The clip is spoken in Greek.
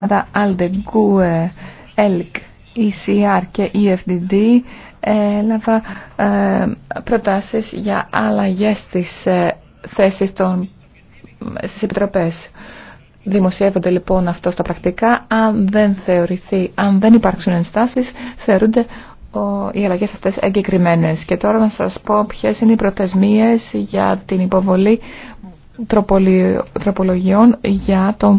ομάδα ALDE, GUE, ELK, ECR και EFDD έλαβα ε, προτάσεις για αλλαγέ στις ε, θέσεις των, στις Δημοσιεύονται λοιπόν αυτό στα πρακτικά. Αν δεν θεωρηθεί, αν δεν υπάρξουν ενστάσεις, θεωρούνται οι αλλαγέ αυτές εγκεκριμένες. Και τώρα να σας πω ποιες είναι οι προθεσμίες για την υποβολή τροπολογιών για τον